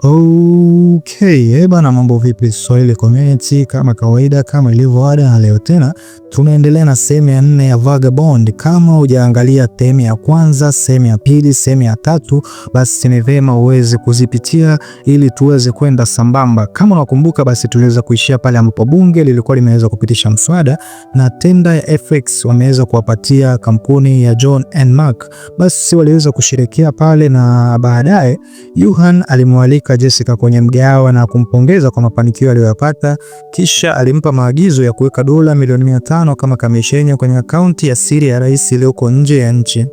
Oh. UK. Eh bana, mambo vipi Swahili community? Kama kawaida, kama ilivyo ada, leo tena tunaendelea na sehemu ya nne ya Vagabond. Kama hujaangalia sehemu ya kwanza, sehemu ya pili, sehemu ya tatu, basi ni vema uweze kuzipitia ili tuweze kwenda sambamba. Kama unakumbuka, basi tuliweza kuishia pale ambapo bunge lilikuwa limeweza kupitisha mswada na tenda ya FX wameweza kuwapatia kampuni ya John and Mark, basi waliweza kusherekea pale na baadaye Yuhan alimwalika Jessica kwenye mga Mgahawa na kumpongeza kwa mafanikio aliyoyapata, kisha alimpa maagizo ya kuweka dola milioni mia tano kama kamisheni kwenye akaunti ya siri ya rais iliyoko nje ya nchi.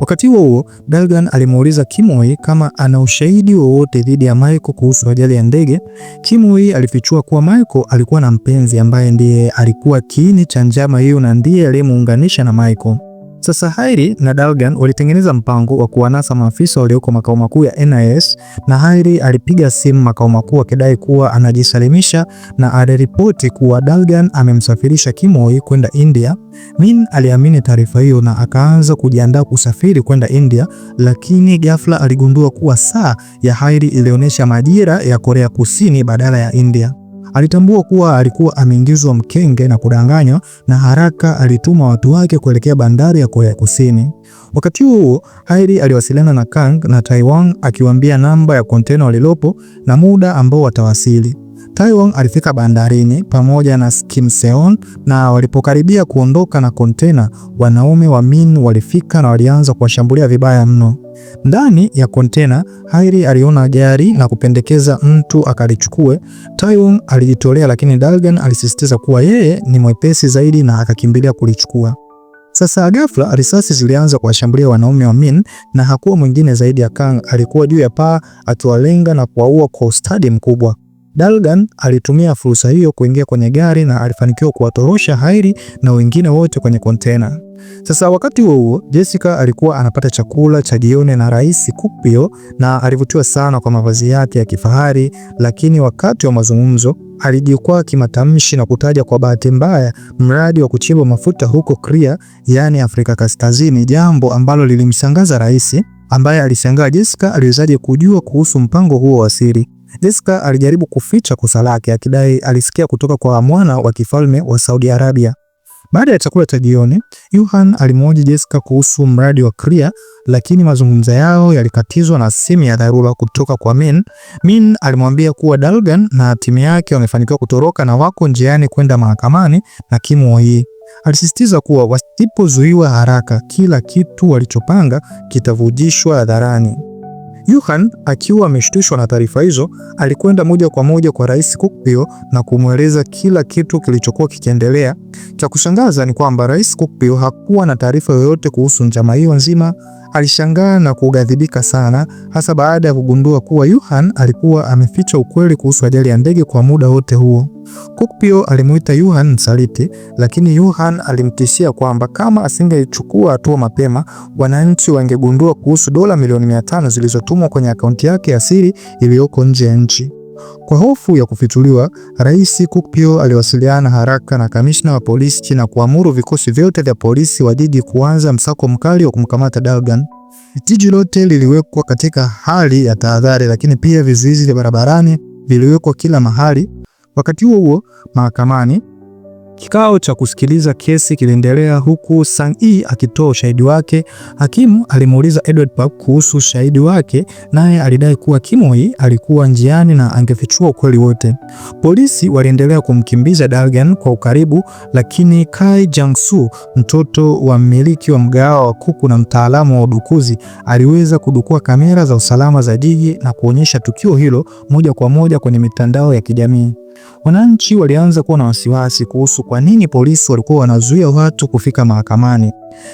Wakati huo huo, Dalgan alimuuliza Kimoi kama ana ushahidi wowote dhidi ya Michael kuhusu ajali ya ndege. Kimoi alifichua kuwa Michael alikuwa na mpenzi ambaye ndiye alikuwa kiini cha njama hiyo na ndiye aliyemuunganisha na Michael. Sasa Hairi na Dalgan walitengeneza mpango wa kuwanasa maafisa walioko makao makuu ya NIS na Hairi alipiga simu makao makuu akidai kuwa anajisalimisha na aliripoti kuwa Dalgan amemsafirisha Kimoi kwenda India. Min aliamini taarifa hiyo na akaanza kujiandaa kusafiri kwenda India, lakini ghafla aligundua kuwa saa ya Hairi ilionyesha majira ya Korea Kusini badala ya India. Alitambua kuwa alikuwa ameingizwa mkenge na kudanganywa, na haraka alituma watu wake kuelekea bandari ya Korea Kusini. Wakati huo Haili aliwasiliana na Kang na Taiwan akiwaambia namba ya kontena walilopo na muda ambao watawasili. Taiwan alifika bandarini pamoja na Kim Seon na walipokaribia kuondoka na kontena, wanaume wa Min walifika na walianza kuwashambulia vibaya mno. Ndani ya kontena, Hairi aliona gari na kupendekeza mtu akalichukue. Taiwan alijitolea, lakini Dalgan alisisitiza kuwa yeye ni mwepesi zaidi na akakimbilia kulichukua. Sasa ghafla risasi zilianza kuwashambulia wanaume wa Min na hakuwa mwingine zaidi ya Kang. Alikuwa juu ya paa akiwalenga na kuwaua kwa ustadi mkubwa. Dalgan alitumia fursa hiyo kuingia kwenye gari na alifanikiwa kuwatorosha Hairi na wengine wote kwenye kontena. Sasa wakati huo huo, Jessica alikuwa anapata chakula cha jioni na Rais Kupio na alivutiwa sana kwa mavazi yake ya kifahari, lakini wakati wa mazungumzo alijikwaa kimatamshi na kutaja kwa bahati mbaya mradi wa kuchimba mafuta huko Kria, yaani Afrika Kaskazini, jambo ambalo lilimshangaza rais ambaye alishangaa Jessica aliwezaje kujua kuhusu mpango huo wa siri. Jessica alijaribu kuficha kosa lake akidai alisikia kutoka kwa mwana wa kifalme wa Saudi Arabia. Baada ya chakula cha jioni, Yuhan alimhoji Jessica kuhusu mradi wa Kria, lakini mazungumzo yao yalikatizwa na simu ya dharura kutoka kwa Min. Min alimwambia kuwa Dalgan na timu yake wamefanikiwa kutoroka na wako njiani kwenda mahakamani na hii Alisisitiza kuwa wasipozuiwa haraka, kila kitu walichopanga kitavujishwa hadharani. Yuhan akiwa ameshtushwa na taarifa hizo, alikwenda moja kwa moja kwa Rais Kukpio na kumweleza kila kitu kilichokuwa kikiendelea. Cha kushangaza ni kwamba Rais Kukpio hakuwa na taarifa yoyote kuhusu njama hiyo nzima Alishangaa na kughadhibika sana, hasa baada ya kugundua kuwa Yuhan alikuwa ameficha ukweli kuhusu ajali ya ndege kwa muda wote huo. Kokpio alimuita Yuhan msaliti, lakini Yuhan alimtishia kwamba kama asingechukua hatua mapema, wananchi wangegundua kuhusu dola milioni 500 zilizotumwa kwenye akaunti yake ya siri iliyoko nje ya nchi. Kwa hofu ya kufichuliwa, Rais Kuppio aliwasiliana haraka na kamishna wa polisi na kuamuru vikosi vyote vya polisi wa jiji kuanza msako mkali wa kumkamata Dalgan. Jiji lote liliwekwa katika hali ya tahadhari, lakini pia vizuizi vya barabarani viliwekwa kila mahali. Wakati huo huo, mahakamani Kikao cha kusikiliza kesi kiliendelea huku sang E akitoa ushahidi wake. Hakimu alimuuliza Edward Park kuhusu ushahidi wake, naye alidai kuwa kimoi alikuwa njiani na angefichua ukweli wote. Polisi waliendelea kumkimbiza Dalgan kwa ukaribu, lakini Kai jangsu mtoto wa mmiliki wa mgahawa wa kuku na mtaalamu wa udukuzi, aliweza kudukua kamera za usalama za jiji na kuonyesha tukio hilo moja kwa moja kwenye mitandao ya kijamii. Wananchi walianza kuwa na wasiwasi kuhusu kwa nini polisi walikuwa wanazuia watu kufika mahakamani.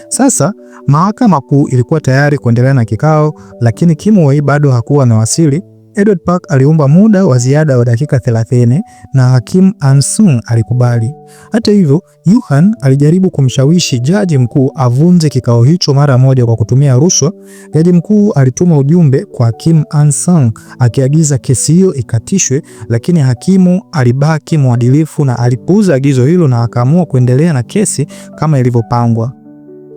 Sasa mahakama kuu ilikuwa tayari kuendelea na kikao, lakini kimoi bado hakuwa na wasili Edward Park aliomba muda wa ziada wa dakika 30 na hakimu ansun alikubali. Hata hivyo, yuhan alijaribu kumshawishi jaji mkuu avunze kikao hicho mara moja kwa kutumia rushwa. Jaji mkuu alituma ujumbe kwa hakimu ansun akiagiza kesi hiyo ikatishwe, lakini hakimu alibaki mwadilifu na alipuuza agizo hilo na akaamua kuendelea na kesi kama ilivyopangwa.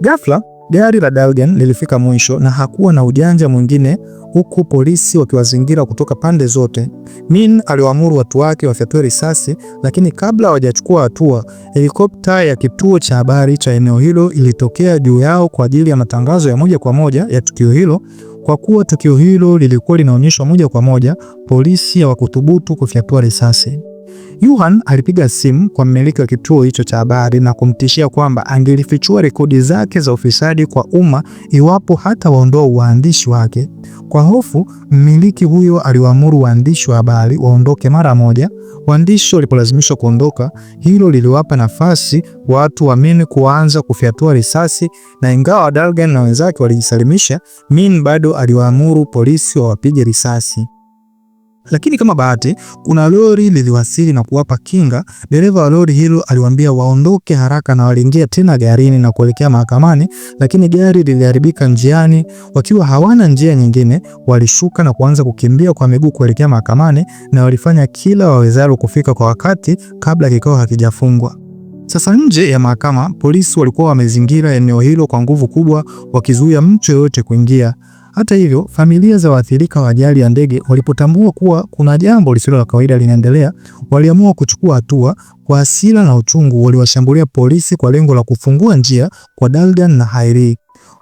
Ghafla Gari la Dalgan lilifika mwisho na hakuwa na ujanja mwingine, huku polisi wakiwazingira kutoka pande zote. Min aliwaamuru watu wake wafyatue risasi, lakini kabla hawajachukua hatua, helikopta ya kituo cha habari cha eneo hilo ilitokea juu yao kwa ajili ya matangazo ya moja kwa moja ya tukio hilo. Kwa kuwa tukio hilo lilikuwa linaonyeshwa moja kwa moja, polisi hawakuthubutu kufyatua risasi yuhan alipiga simu kwa mmiliki wa kituo hicho cha habari na kumtishia kwamba angelifichua rekodi zake za ufisadi kwa umma iwapo hata waondoa uandishi wake. Kwa hofu, mmiliki huyo aliwaamuru waandishi wa habari waondoke mara moja. Waandishi walipolazimishwa kuondoka, hilo liliwapa nafasi watu wa Min kuanza kufyatua risasi, na ingawa Dalgan na wenzake walijisalimisha, Min bado aliwaamuru polisi wawapige risasi. Lakini kama bahati, kuna lori liliwasili na kuwapa kinga. Dereva wa lori hilo aliwaambia waondoke haraka na waliingia tena garini na kuelekea mahakamani, lakini gari liliharibika njiani. Wakiwa hawana njia nyingine, walishuka na kuanza kukimbia kwa miguu kuelekea mahakamani na walifanya kila wawezalo kufika kwa wakati kabla kikao hakijafungwa. Sasa nje ya mahakama, polisi walikuwa wamezingira eneo hilo kwa nguvu kubwa, wakizuia mtu yoyote kuingia. Hata hivyo, familia za waathirika wa ajali ya ndege walipotambua kuwa kuna jambo lisilo la kawaida linaendelea, waliamua kuchukua hatua. Kwa hasira na uchungu, waliwashambulia polisi kwa lengo la kufungua njia kwa dalgan na Hairi.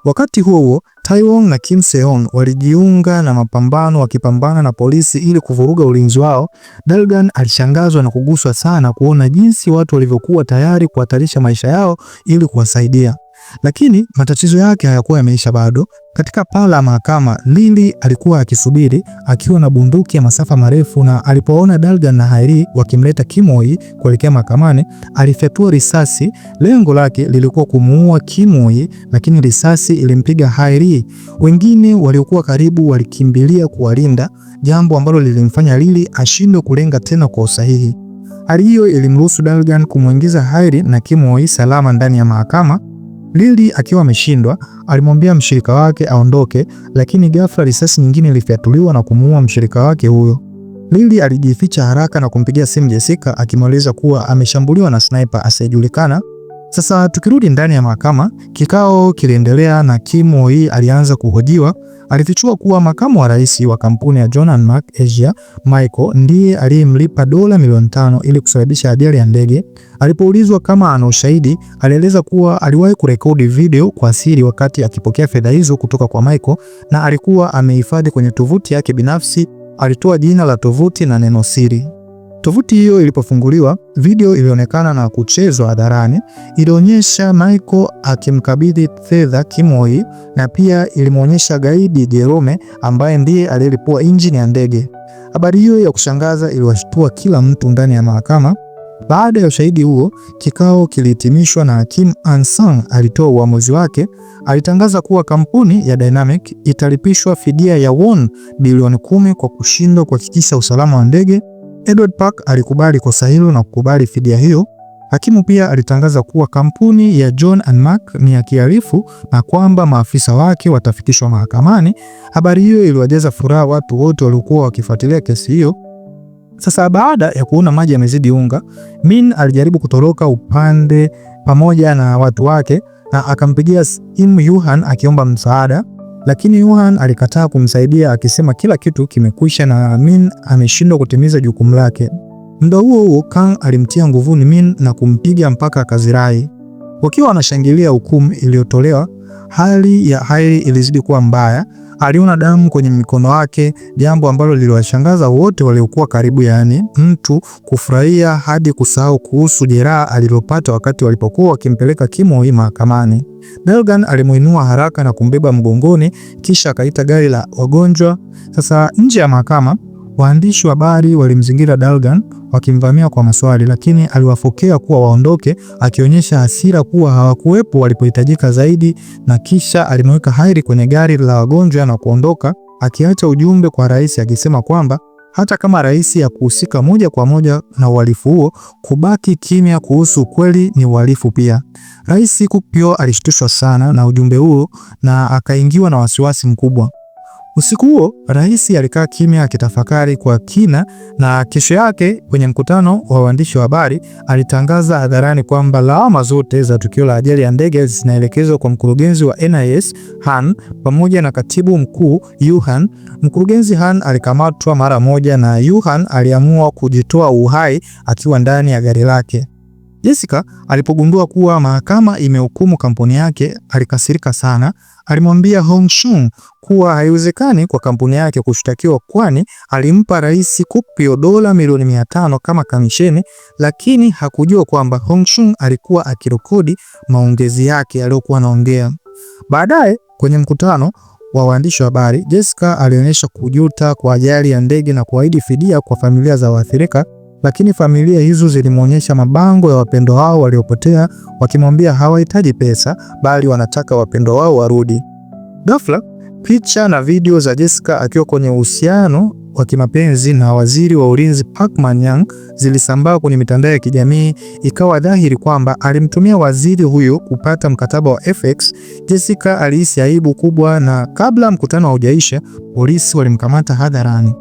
Wakati huo huo, Taiwong na Kim Seon walijiunga na mapambano wakipambana na polisi ili kuvuruga ulinzi wao. Dalgan alishangazwa na kuguswa sana kuona jinsi watu walivyokuwa tayari kuhatarisha maisha yao ili kuwasaidia. Lakini matatizo yake hayakuwa yameisha bado. Katika pala mahakama, Lili alikuwa akisubiri akiwa na bunduki ya masafa marefu, na alipoona Dalgan na Hairi wakimleta Kimoi kuelekea mahakamani, alifyatua risasi. Lengo lake lilikuwa kumuua Kimoi, lakini risasi ilimpiga Hairi. Wengine waliokuwa karibu walikimbilia kuwalinda, jambo ambalo lilimfanya Lili ashindwe kulenga tena kwa usahihi. Hali hiyo ilimruhusu Dalgan kumwingiza Hairi na Kimoi salama ndani ya mahakama. Lili akiwa ameshindwa, alimwambia mshirika wake aondoke, lakini ghafla risasi nyingine ilifyatuliwa na kumuua mshirika wake huyo. Lili alijificha haraka na kumpigia simu Jessica akimweleza kuwa ameshambuliwa na sniper asiyejulikana. Sasa tukirudi ndani ya mahakama, kikao kiliendelea na Kim Woo-hee alianza kuhojiwa alifichua kuwa makamu wa rais wa kampuni ya John and Mark Asia Michael ndiye aliyemlipa dola milioni tano ili kusababisha ajali ya ndege. Alipoulizwa kama ana ushahidi, alieleza kuwa aliwahi kurekodi video kwa siri wakati akipokea fedha hizo kutoka kwa Michael na alikuwa amehifadhi kwenye tovuti yake binafsi. Alitoa jina la tovuti na neno siri. Tovuti hiyo ilipofunguliwa, video ilionekana na kuchezwa hadharani. Ilionyesha Michael akimkabidhi fedha Kimoi na pia ilimwonyesha gaidi Jerome ambaye ndiye aliyelipua injini ya ndege. Habari hiyo ya kushangaza iliwashtua kila mtu ndani ya mahakama. Baada ya ushahidi huo, kikao kilihitimishwa na Kim Ansang alitoa uamuzi wake. Alitangaza kuwa kampuni ya Dynamic italipishwa fidia ya won bilioni kumi kwa kushindwa kuhakikisha usalama wa ndege. Edward Park alikubali kosa hilo na kukubali fidia hiyo. Hakimu pia alitangaza kuwa kampuni ya John and Mark ni ya kihalifu na kwamba maafisa wake watafikishwa mahakamani. Habari hiyo iliwajaza furaha watu wote waliokuwa wakifuatilia kesi hiyo. Sasa baada ya kuona maji yamezidi unga, Min alijaribu kutoroka upande pamoja na watu wake na akampigia simu Yuhan akiomba msaada lakini Yuan alikataa kumsaidia akisema kila kitu kimekwisha na Min ameshindwa kutimiza jukumu lake. Muda huo huo, Kang alimtia nguvuni Min na kumpiga mpaka akazirai. Wakiwa wanashangilia hukumu iliyotolewa, hali ya Hairi ilizidi kuwa mbaya aliona damu kwenye mikono wake jambo ambalo liliwashangaza wote waliokuwa karibu, yaani mtu kufurahia hadi kusahau kuhusu jeraha alilopata wakati walipokuwa wakimpeleka Kimoi mahakamani. Delgan alimuinua haraka na kumbeba mgongoni, kisha akaita gari la wagonjwa. Sasa nje ya mahakama Waandishi wa habari walimzingira Dalgan wakimvamia kwa maswali, lakini aliwafokea kuwa waondoke, akionyesha hasira kuwa hawakuwepo walipohitajika zaidi, na kisha alimweka Hairi kwenye gari la wagonjwa na kuondoka, akiacha ujumbe kwa rais akisema kwamba hata kama rais kuhusika moja kwa moja na uhalifu huo, kubaki kimya kuhusu ukweli ni uhalifu pia. Rais Kupio alishtushwa sana na ujumbe huo na akaingiwa na wasiwasi mkubwa. Usiku huo rais alikaa kimya akitafakari kwa kina, na kesho yake kwenye mkutano wa waandishi wa habari alitangaza hadharani kwamba lawama zote za tukio la ajali ya ndege zinaelekezwa kwa mkurugenzi wa NIS Han pamoja na katibu mkuu yuhan Mkurugenzi Han alikamatwa mara moja na yuhan aliamua kujitoa uhai akiwa ndani ya gari lake. Jessica alipogundua kuwa mahakama imehukumu kampuni yake, alikasirika sana. Alimwambia Hong Shun kuwa haiwezekani kwa kampuni yake kushtakiwa, kwani alimpa Rais Kupio dola milioni mia tano kama kamisheni, lakini hakujua kwamba Hong Shun alikuwa akirekodi maongezi yake aliyokuwa anaongea. Baadaye kwenye mkutano wa waandishi wa habari, Jessica alionyesha kujuta kwa ajali ya ndege na kuahidi fidia kwa familia za waathirika lakini familia hizo zilimwonyesha mabango ya wapendwa wao waliopotea, wakimwambia hawahitaji pesa, bali wanataka wapendwa wao warudi. Ghafla picha na video za Jessica akiwa kwenye uhusiano wa kimapenzi na waziri wa ulinzi Park Manyang zilisambaa kwenye mitandao ya kijamii. Ikawa dhahiri kwamba alimtumia waziri huyo kupata mkataba wa FX. Jessica alihisi aibu kubwa, na kabla mkutano haujaisha, polisi walimkamata hadharani.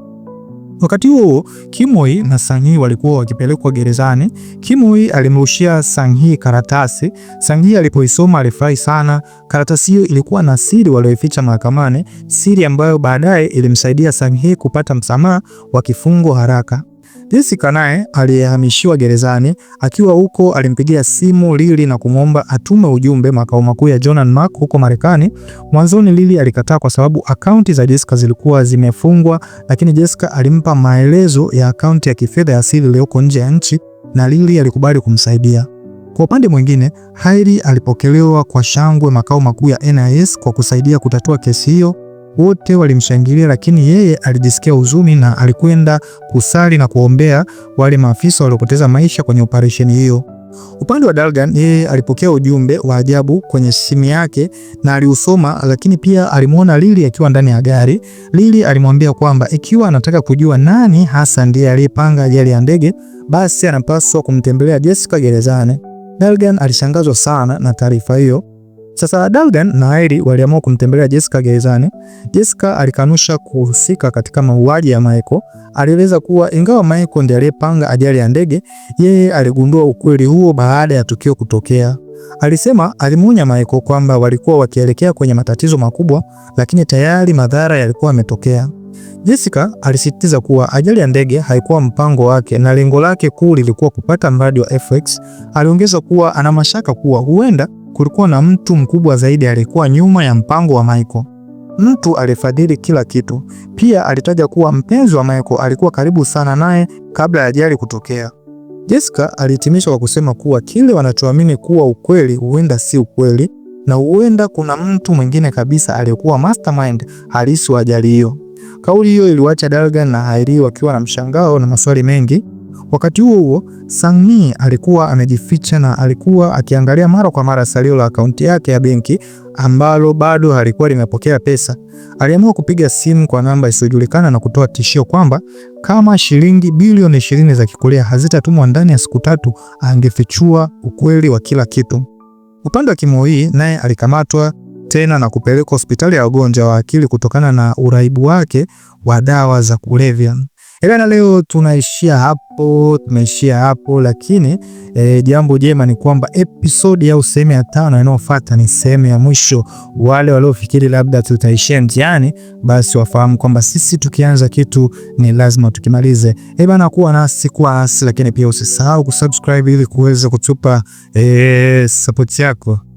Wakati huo Kimoi na Sanghi walikuwa wakipelekwa gerezani. Kimoi alimrushia Sanghi karatasi. Sanghi alipoisoma alifurahi sana. Karatasi hiyo ilikuwa na siri walioificha mahakamani, siri ambayo baadaye ilimsaidia Sanghi kupata msamaha wa kifungo haraka. Jessica naye aliyehamishiwa gerezani akiwa huko alimpigia simu Lili na kumwomba atume ujumbe makao makuu ya John and Mark huko Marekani. Mwanzoni Lili alikataa kwa sababu akaunti za Jessica zilikuwa zimefungwa, lakini Jessica alimpa maelezo ya akaunti ya kifedha ya siri iliyoko nje ya nchi na Lili alikubali kumsaidia. Kwa upande mwingine, Hailey alipokelewa kwa shangwe makao makuu ya NIS kwa kusaidia kutatua kesi hiyo wote walimshangilia, lakini yeye alijisikia huzuni na alikwenda kusali na kuombea wale maafisa waliopoteza maisha kwenye operesheni hiyo. Upande wa Dalgan, yeye alipokea ujumbe wa ajabu kwenye simu yake na aliusoma, lakini pia alimwona Lili akiwa ndani ya gari. Lili alimwambia kwamba ikiwa anataka kujua nani hasa ndiye aliyepanga ajali ya ndege, basi anapaswa kumtembelea Jessica gerezani. Dalgan alishangazwa sana na taarifa hiyo. Sasa Dalden na Hailey waliamua kumtembelea Jessica gerezani. Jessica alikanusha kuhusika katika mauaji ya Michael. Alieleza kuwa ingawa Michael ndiye aliyepanga ajali ya ndege, yeye aligundua ukweli huo baada ya tukio kutokea. Alisema alimuonya Michael kwamba walikuwa wakielekea kwenye matatizo makubwa, lakini tayari madhara yalikuwa yametokea. Jessica alisisitiza kuwa ajali ya ndege haikuwa mpango wake na lengo lake kuu lilikuwa kupata mradi wa FX. Aliongeza kuwa ana mashaka kuwa huenda kulikuwa na mtu mkubwa zaidi aliyekuwa nyuma ya mpango wa Michael, mtu alifadhili kila kitu. Pia alitaja kuwa mpenzi wa Michael alikuwa karibu sana naye kabla ya ajali kutokea. Jessica alihitimisha kwa kusema kuwa kile wanachoamini kuwa ukweli huenda si ukweli na huenda kuna mtu mwingine kabisa aliyekuwa mastermind halisi wa ajali hiyo. Kauli hiyo iliwacha Dalgan na Hailey wakiwa na mshangao na maswali mengi. Wakati huo huo, Sangmi alikuwa amejificha na alikuwa akiangalia mara kwa mara salio la akaunti yake ya benki ambalo bado halikuwa limepokea pesa. Aliamua kupiga simu kwa namba isiyojulikana na kutoa tishio kwamba kama shilingi bilioni ishirini za Kikorea hazitatumwa ndani ya siku tatu, angefichua ukweli wa kila kitu. Upande wa kimo hii naye alikamatwa tena na kupelekwa hospitali ya wagonjwa wa akili kutokana na uraibu wake wa dawa za kulevya. Hebana, leo tunaishia hapo, tumeishia hapo, lakini e, jambo jema ni kwamba episodi au sehemu ya tano inayofuata ni sehemu ya mwisho. Wale waliofikiri labda tutaishia njiani, basi wafahamu kwamba sisi tukianza kitu ni lazima tukimalize. ebana eh, kuwa nasi kuwa asi, lakini pia usisahau kusubscribe ili kuweza kutupa e, support yako.